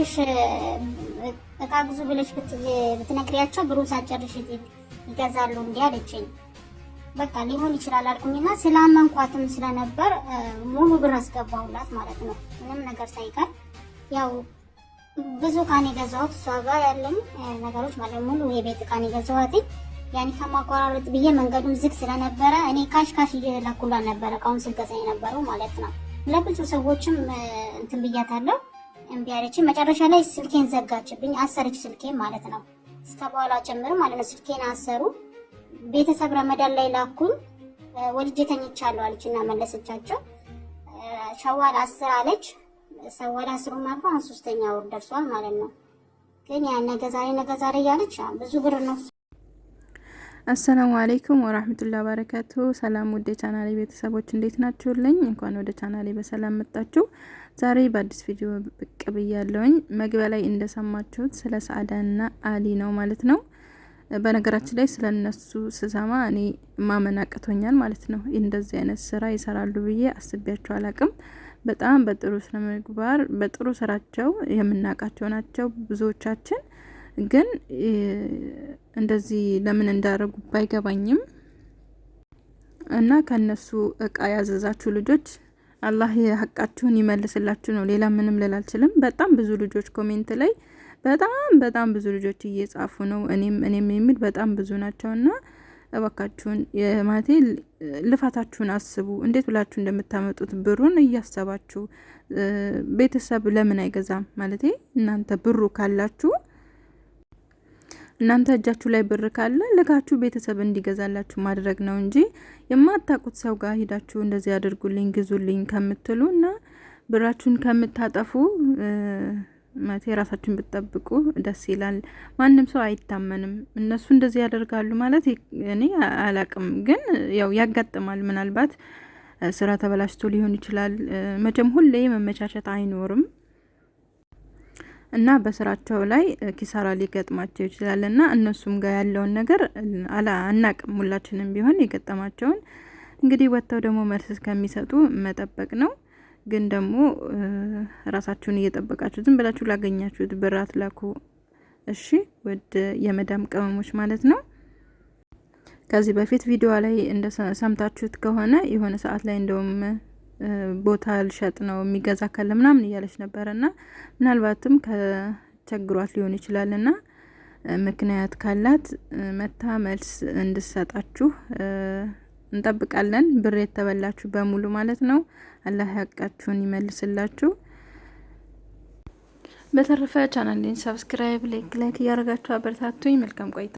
ትንሽ በቃ ብዙ ብለሽ ብትነግሪያቸው ብሩ ሳጨርሽ ይገዛሉ እንዲህ አለችኝ። በቃ ሊሆን ይችላል አልኩኝና ስላመንኳትም ስለነበር ሙሉ ብር አስገባሁላት ማለት ነው፣ ምንም ነገር ሳይቀር ያው ብዙ እቃን የገዛሁት እሷ ጋር ያለኝ ነገሮች ማለት ሙሉ የቤት እቃን የገዛኋት ያኔ ከማቆራረጥ ብዬ መንገዱም ዝግ ስለነበረ እኔ ካሽ ካሽ እየላኩላ ነበረ እቃውን ስገዛ የነበረው ማለት ነው። ለብዙ ሰዎችም እንትን ብያታለሁ። እምቢ አለችኝ። መጨረሻ ላይ ስልኬን ዘጋችብኝ፣ አሰረች ስልኬን ማለት ነው። እስከ በኋላ ጭምር ማለት ነው። ስልኬን አሰሩ። ቤተሰብ ረመዳን ላይ ላኩኝ። ወልጄ ተኝቻለሁ አለች እና መለሰቻቸው። ሸዋል አስር አለች። ሸዋል አስሩ ማርፋ ሶስተኛ ወር ደርሷል ማለት ነው። ግን ያ ነገ ዛሬ ነገ ዛሬ እያለች ብዙ ብር ነው አሰላሙ አለይኩም ወራህመቱላ ወበረካቱ። ሰላም ወደ ቻናሌ ቤተሰቦች እንዴት ናችሁልኝ? እንኳን ወደ ቻናሌ በሰላም መጣችሁ። ዛሬ በአዲስ ቪዲዮ ብቅ ብያለሁኝ። መግቢያ ላይ እንደሰማችሁት ስለ ሰአዳና አሊ ነው ማለት ነው። በነገራችን ላይ ስለ እነሱ ስሰማ እኔ ማመን አቅቶኛል ማለት ነው። እንደዚህ አይነት ስራ ይሰራሉ ብዬ አስቤያቸው አላቅም። በጣም በጥሩ ስነምግባር፣ በጥሩ ስራቸው የምናውቃቸው ናቸው ብዙዎቻችን ግን እንደዚህ ለምን እንዳደረጉ ባይገባኝም እና ከነሱ እቃ ያዘዛችሁ ልጆች አላህ ሀቃችሁን ይመልስላችሁ ነው። ሌላ ምንም ልል አልችልም። በጣም ብዙ ልጆች ኮሜንት ላይ በጣም በጣም ብዙ ልጆች እየጻፉ ነው። እኔም እኔም የሚል በጣም ብዙ ናቸውና እባካችሁን ማለቴ ልፋታችሁን አስቡ። እንዴት ብላችሁ እንደምታመጡት ብሩን እያሰባችሁ ቤተሰብ ለምን አይገዛም? ማለቴ እናንተ ብሩ ካላችሁ እናንተ እጃችሁ ላይ ብር ካለ ልካችሁ ቤተሰብ እንዲገዛላችሁ ማድረግ ነው እንጂ የማታውቁት ሰው ጋር ሂዳችሁ እንደዚህ አድርጉልኝ፣ ግዙልኝ ከምትሉ እና ብራችሁን ከምታጠፉ ማለት የራሳችሁን ብትጠብቁ ደስ ይላል። ማንም ሰው አይታመንም። እነሱ እንደዚህ ያደርጋሉ ማለት እኔ አላቅም፣ ግን ያው ያጋጥማል። ምናልባት ስራ ተበላሽቶ ሊሆን ይችላል። መቼም ሁሌ መመቻቸት አይኖርም። እና በስራቸው ላይ ኪሳራ ሊገጥማቸው ይችላል እና እነሱም ጋር ያለውን ነገር አላ አናቅም። ሁላችንም ቢሆን የገጠማቸውን እንግዲህ ወጥተው ደግሞ መልስ እስከሚሰጡ መጠበቅ ነው። ግን ደግሞ ራሳችሁን እየጠበቃችሁ ዝም ብላችሁ ላገኛችሁት ብር አትላኩ። እሺ፣ ውድ የመዳም ቅመሞች ማለት ነው። ከዚህ በፊት ቪዲዮ ላይ ሰምታችሁት ከሆነ የሆነ ሰዓት ላይ እንደውም ቦታ ልሸጥ ነው የሚገዛ ካለ ምናምን እያለች ነበረ እና ምናልባትም ከቸግሯት ሊሆን ይችላል እና ምክንያት ካላት መታ መልስ እንድሰጣችሁ እንጠብቃለን። ብር የተበላችሁ በሙሉ ማለት ነው። አላህ ያቃችሁን ይመልስላችሁ። በተረፈ ቻናሌን ሰብስክራይብ፣ ላይክ ላይክ እያደረጋችሁ አበረታቱኝ። መልካም ቆይታ